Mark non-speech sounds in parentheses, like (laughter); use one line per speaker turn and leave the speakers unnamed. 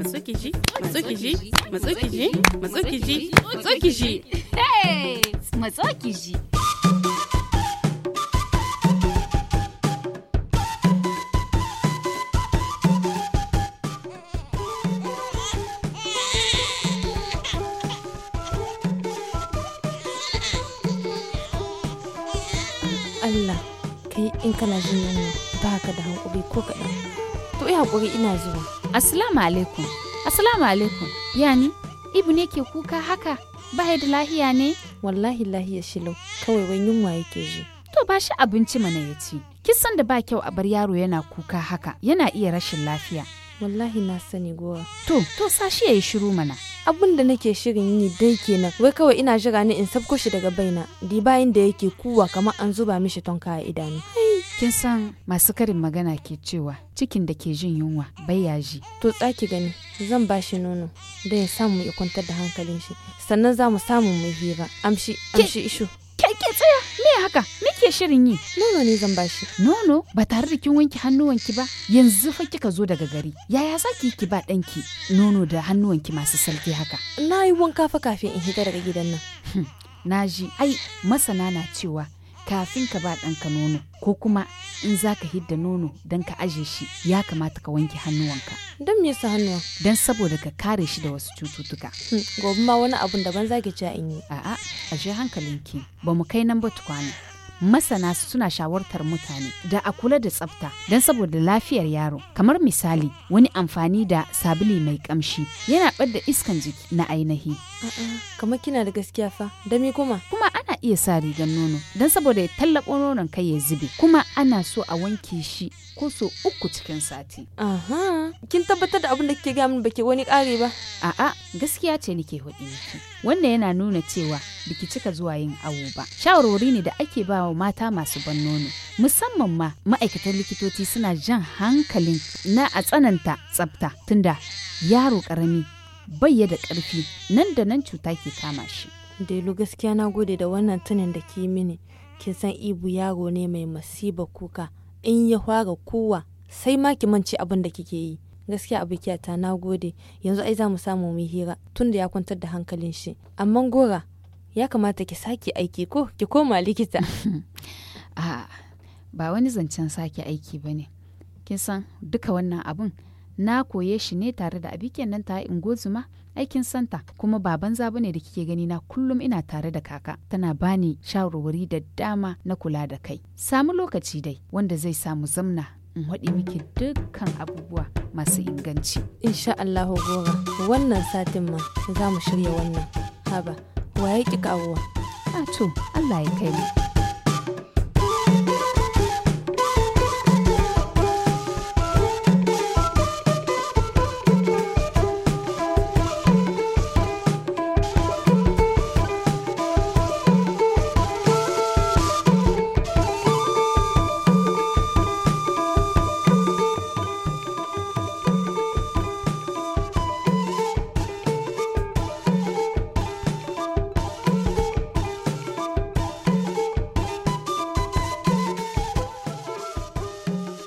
matsukiji matsukiji matsukiji matsukiji matsukiji matsukiji Allah kai in kana jin nan ba ka da hankali ko kaɗan to yi eh, haƙuri ina zuwa assalamu alaikum assalamu alaikum yani ibu ne ke kuka haka ba da lahiya ne wallahi lahiya shilau kawai wani yunwa yake ji to ba shi abinci mana ya ci kisan da ba kyau a bar yaro yana kuka haka yana iya rashin lafiya wallahi na sani gowa to to sa shi ya yi shiru mana abin da nake
shirin yi dai kenan wai kawai ina jira ne in sabko shi daga baina di bayan da yake kuwa kamar an
zuba mishi tonka a idanu kin san masu karin magana ke cewa cikin da ke jin yunwa bai yaji
to tsaki gani zan ba shi nono da ya samu ya kwantar da
hankalin shi sannan za mu samu mu hira amshi amshi ishu ke ke tsaya me haka shirin yi? Nono ne zan bashi. Nono ba tare da kin wanke hannuwanki ba yanzu fa kika zo daga gari. Yaya za ki yi ki ba ɗanki nono da hannuwanki masu sarki haka? Na yi wanka fa kafin in hita daga gidan nan. Hmm, na ji ai masana na cewa kafin ka ba ɗanka nono ko kuma in za ka hidda nono don ka aje shi ya kamata ka wanke hannuwanka.
Don me yasa hannuwa?
Don saboda ka kare shi da wasu cututtuka. Hmm, gobe ma wani abun daban zaki ci a yi. A'a, aje hankalinki ba mu kai nan ba tukwana. masana suna shawartar mutane da a kula da tsafta don saboda lafiyar yaro kamar misali wani amfani da sabili mai kamshi yana bada iskan jiki na ainihi.
kamar kina da gaskiya fa,
da mi Kuma iya sa rigar nono don saboda ya tallaɓo nonon kai ya zube kuma ana so a wanke shi ko so uku cikin sati. Aha, kin tabbatar da abin da kike gamin baki wani ƙare ba? A'a, gaskiya ce nake hudi miki. Wannan yana nuna cewa biki cika zuwa yin awo ba. Shawarwari ne da ake ba wa mata masu ban nono. Musamman ma ma'aikatan likitoci suna jan hankalin na a tsananta tsafta tunda yaro ƙarami bai da ƙarfi nan da nan cuta ke kama shi.
Delu gaskiya na gode da wannan tunin da ke mini. Kin san Ibu yaro ne mai masiba kuka. In ya fara kowa sai ma ki mance abin da kike yi. Gaskiya ta na gode. Yanzu ai za mu samu mu hira tunda ya kwantar da hankalin
shi. Amma gora ya kamata ki sake aiki ko ki koma likita. (laughs) a ba wani zancen sake aiki bane Kin san duka wannan abun na koye shi ne tare da abiken nan ta ingozuma aikin santa kuma baban zabu ne da kike gani na kullum ina tare da kaka tana bani shawarwari da dama na kula da kai samu lokaci dai wanda zai samu zamna in haɗi miki dukkan abubuwa masu inganci insha Allahu gora wannan satin ma za mu shirya wannan haba waye ki kawowa a to Allah ya kai mu